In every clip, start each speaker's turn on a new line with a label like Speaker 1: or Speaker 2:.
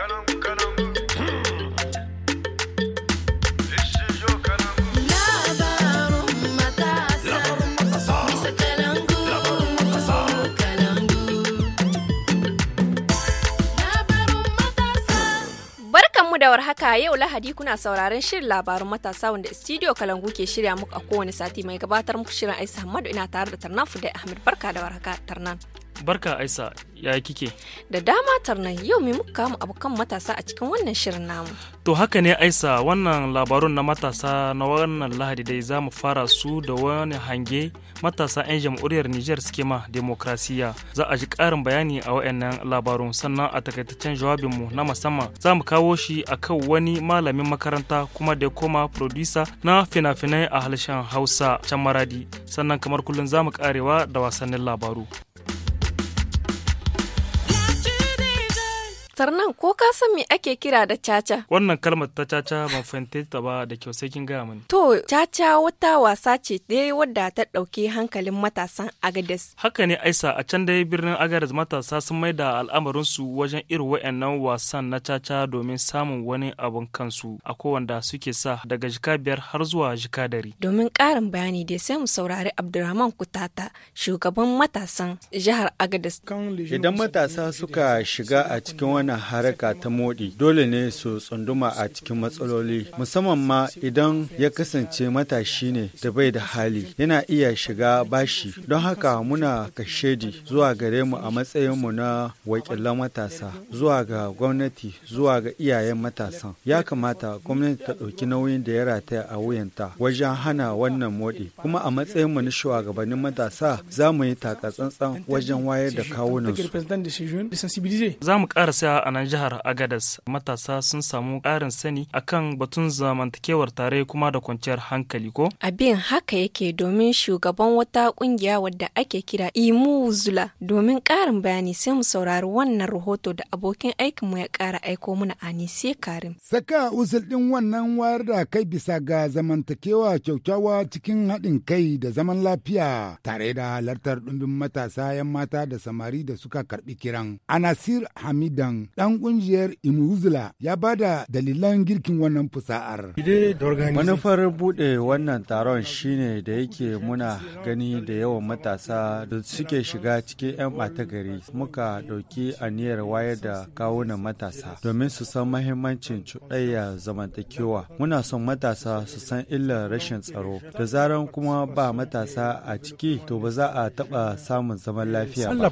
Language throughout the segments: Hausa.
Speaker 1: Hmm. da warhaka yau lahadi kuna sauraron shirin labarun matasa wanda studio kalangu ke shirya muku a kowane sati mai gabatar muku shirin aisa hamadu ina tare da tarnan fudai ahmed barka da warhaka tarnan
Speaker 2: Barka Aisa, ya kike?
Speaker 1: Da dama tarnan yau mai muka mu abokan matasa a cikin wannan shirin namu.
Speaker 2: To haka ne Aisa wannan labarun na matasa na wannan lahadi dai za mu fara su da wani hange matasa 'yan jam'uriyar Nijar suke ma demokrasiya. Za a ji ƙarin bayani a wayannan labarun sannan a takaitaccen jawabinmu na musamman za mu kawo shi a kan wani malamin makaranta kuma da koma producer na fina-finai a harshen Hausa can maradi. Sannan kamar kullum za mu karewa da wasannin labaru.
Speaker 1: Tarnan ko ka san me ake kira da caca?
Speaker 2: Wannan kalmar ta caca ba fahimta ta ba da kyau sai kin gaya mani.
Speaker 1: To caca wata wasa ce dai wadda ta ɗauki hankalin matasan Agadez.
Speaker 2: Haka ne Aisa a can dai birnin Agadez matasa sun mai da al'amarinsu wajen irin wa'annan wasan na caca domin samun wani abun kansu a kowanda suke sa daga jika biyar har zuwa jika dari.
Speaker 1: Domin ƙarin bayani dai sai mu saurari Abdulrahman Kutata shugaban matasan jihar Agadez. Idan
Speaker 3: matasa suka shiga a cikin wani wannan haraka ta moɗi dole ne su tsunduma a cikin matsaloli musamman ma idan ya kasance matashi ne da bai da hali yana iya shiga bashi don haka muna kashedi zuwa gare mu a matsayinmu na wakilan matasa zuwa ga gwamnati zuwa ga iyayen matasan ya kamata gwamnati ta ɗauki nauyin da ya rataya a wuyanta wajen hana wannan moɗi kuma a matsayin mu na shugabannin matasa za mu yi takatsantsan wajen wayar da kawunansu
Speaker 2: za mu ƙarasa a nan jihar Agadas matasa sun samu ƙarin sani akan batun zamantakewar tare kuma da kwanciyar hankali ko?
Speaker 1: Abin haka yake domin shugaban wata ƙungiya wadda ake kira Imu Zula. Domin ƙarin bayani sai mu saurari wannan rahoto da abokin aikinmu ya kara aiko mana Anise Karim. Saka
Speaker 4: usul ɗin wannan wayar da kai bisa ga zamantakewa kyaukyawa cikin haɗin kai da zaman lafiya tare da halartar ɗumbin matasa 'yan mata da samari da suka karɓi kiran. Anasir Hamidan ɗan ƙungiyar Imuzula ya ba da dalilan
Speaker 3: girkin wannan fusa'ar. Manufar bude wannan taron shine da yake muna gani da yawan matasa da suke shiga cikin 'yan bata gari muka ɗauki aniyar wayar da kawunan matasa domin su san mahimmancin cuɗayya zamantakewa. Muna son matasa su san illar rashin tsaro da zaran kuma ba matasa a ciki to ba za a taɓa samun zaman lafiya ba.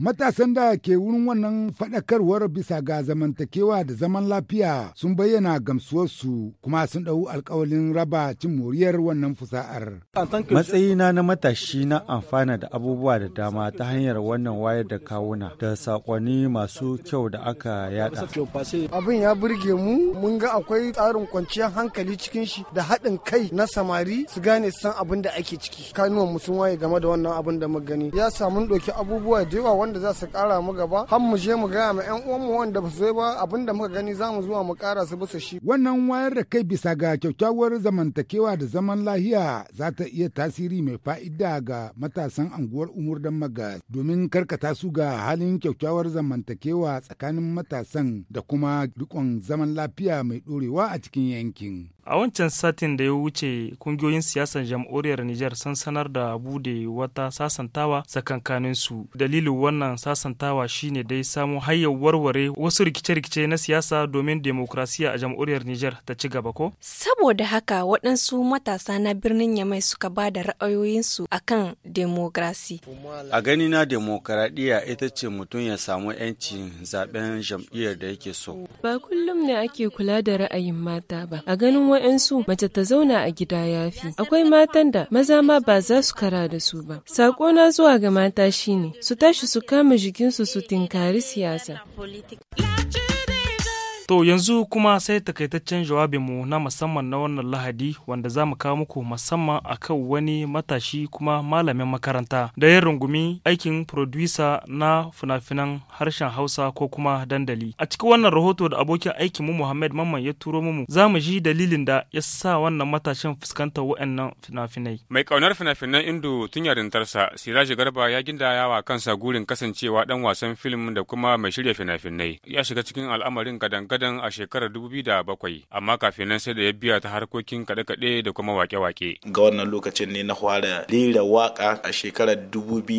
Speaker 4: Matasan da ke wurin wannan faɗakarwar bisa ga zamantakewa da zaman lafiya sun bayyana gamsuwarsu kuma sun ɗau alkawalin raba cin moriyar wannan
Speaker 3: fusa'ar. Matsayina na matashi na amfana da abubuwa da dama ta hanyar wannan wayar da kawuna da saƙonni masu kyau da aka yada. Abin ya
Speaker 4: burge mu mun ga akwai tsarin kwanciyar hankali cikin shi da haɗin kai na samari su gane san abin da ake ciki. Kanuwan mu sun waye game da wannan abin da mu gani. Ya samu ɗauki abubuwa da yawa wanda za su ƙara mu gaba an mu je mu gaya ma 'yan uwanmu wanda ba su ba abin da muka gani za mu zuwa mu kara su bisa shi. Wannan wayar da kai bisa ga kyakkyawar zamantakewa da zaman lahiya za ta iya tasiri mai fa'ida ga matasan anguwar umur dan maga domin karkata su ga halin kyakkyawar zamantakewa tsakanin matasan da kuma rikon zaman lafiya mai ɗorewa a cikin
Speaker 2: yankin. A wancan satin da ya wuce kungiyoyin siyasar jam'uriyar Nijar sun sanar da bude wata sasantawa tsakankanin su. Dalilin wannan sasantawa shine dai samu hayyar warware wasu rikice-rikice na siyasa domin demokrasiya a jam'uriyar Nijar ta ci gaba ko?
Speaker 1: Saboda haka waɗansu matasa na birnin Yamai suka ba da ra'ayoyinsu akan demokrasi.
Speaker 2: A gani na demokradiyya
Speaker 3: ita ce mutum ya samu 'yancin zaben jam'iyyar da yake so.
Speaker 1: Ba kullum ne ake kula da ra'ayin mata ba. A ganin wa'ansu mace ta zauna a gida ya fi. Akwai matan da maza ma ba za su kara da su ba. Sako na zuwa ga mata shine su tashi su kama jikinsu su tinkari siyasa.
Speaker 2: To yanzu kuma sai takaitaccen jawabinmu na musamman na wannan Lahadi wanda za mu kawo muku musamman a kan wani matashi kuma malamin makaranta da ya rungumi aikin producer na fina-finan harshen Hausa ko kuma dandali. A cikin wannan rahoto da abokin aikin mu Muhammad Mamman ya turo mu za mu ji dalilin da ya sa wannan matashin fuskantar waɗannan fina-finai.
Speaker 5: Mai ƙaunar fina-finan Indo tun yarintarsa Siraji Garba ya gindaya yawa kansa gurin kasancewa dan wasan film da kuma mai shirya fina-finai. Ya shiga cikin al'amarin kadangar gadon a shekarar 2007 amma kafin nan sai da ya biya ta harkokin kaɗe-kaɗe da kuma wake-wake. Ga wannan lokacin ne na fara rera
Speaker 6: waka a shekarar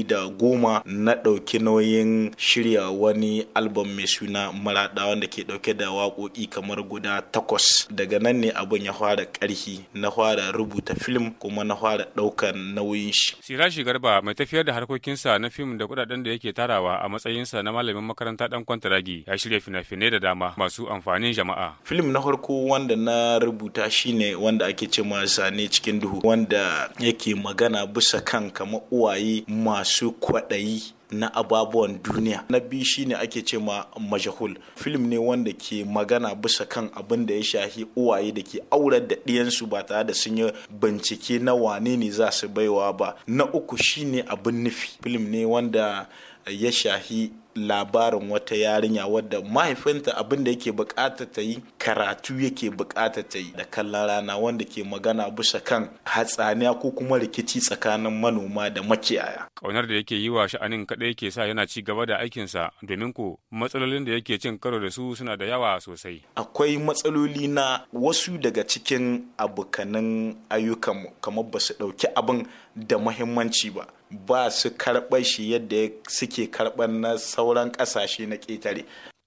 Speaker 6: da goma na ɗauki nauyin shirya wani album mai suna maraɗa wanda ke ɗauke da waƙoƙi kamar guda takwas. Daga nan ne abin ya fara ƙarfi na fara rubuta film kuma na fara ɗaukar nauyin shi.
Speaker 5: Sirashi Garba mai tafiyar da harkokinsa na fim da kuɗaɗen da yake tarawa a matsayinsa na malamin makaranta ɗan kwantaragi ya shirya fina-finai da dama masu amfanin jama'a
Speaker 6: film na farko wanda na rubuta shine wanda ake ce zane cikin duhu wanda yake magana bisa kan kama uwaye masu kwaɗayi na ababuwan duniya na biyu shine ake ce ma majahul film ne wanda ke magana bisa kan abin da ya shahi uwaye da ke aurar da ɗiyansu ba tare da sun yi bincike na wane ne za su baiwa ba na uku shine abin nufi film ne wanda ya shahi labarin wata yarinya wadda mahaifinta abin da yake bukata ta yi karatu yake bukata ta yi da kallon rana wanda ke magana bisa kan hatsaniya ko kuma rikici tsakanin manoma da makiyaya.
Speaker 5: Ƙaunar da yake yi wa sha'anin kaɗai ke sa yana ci gaba da aikinsa domin ko matsalolin da yake cin karo da su suna da yawa sosai.
Speaker 6: Akwai matsaloli na wasu daga cikin abokanan ayyukan kamar ba su ɗauki abin da mahimmanci ba. Ba su karɓar shi yadda suke karɓar na sauran ƙasashe na ƙetare.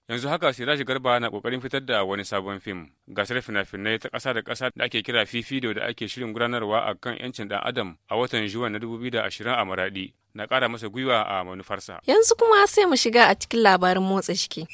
Speaker 5: yanzu haka siraj garba na kokarin fitar da wani sabon fim gasar fina-finai ta ƙasa da ƙasa da ake kira fifido da ake shirin gudanarwa a kan 'yancin ɗan adam a watan juwan na 2020 a maradi na ƙara masa gwiwa a manufarsa.
Speaker 1: Yanzu kuma sai mu shiga a cikin labarin motsa jiki.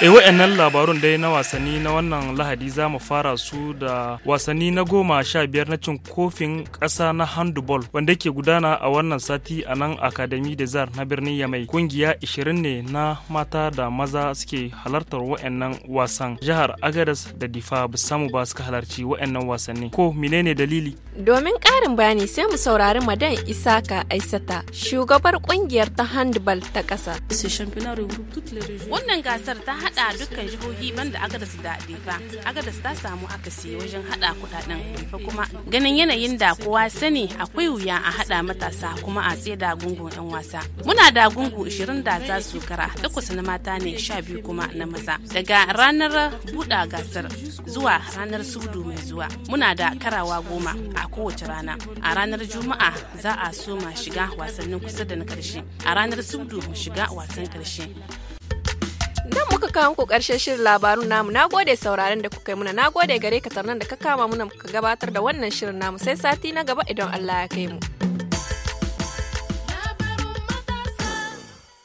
Speaker 5: E eh, wa'annan labarun dai na wasanni na
Speaker 2: wannan lahadi za mu fara su da wasanni na goma sha biyar na cin kofin ƙasa na handball wanda ke gudana a wannan sati a nan akademi da zar na birnin yamai kungiya ishirin ne na mata da maza suke halartar wa'annan wasan jihar agadas da difa ba samu ba suka halarci wa'annan wasanni ko menene dalili
Speaker 1: domin ƙarin bayani sai mu saurari madan isaka aisata shu shugabar kungiyar ta handball ta kasa. Wannan gasar ta hada dukkan jihohi banda Agadas da Difa. Agadas ta samu akasi wajen hada kudaden Difa kuma ganin yanayin da kowa sani akwai wuya a hada matasa kuma a tsaye da gungun 'yan wasa. Muna da gungu 20 da za su kara, takwas na mata ne 12 kuma na maza. Daga ranar buɗa gasar zuwa ranar sudu mai zuwa. Muna da karawa goma a kowace rana. A ranar Juma'a za a soma shiga wasannin kusa da na karshe a ranar sudu mu shiga wasan karshe nan muka kawo muku karshen shirin labarun namu na gode sauraron da kuka yi muna na gode gare ka tarnan da ka kama muna muka gabatar da wannan shirin namu sai sati na gaba idan Allah ya kai mu.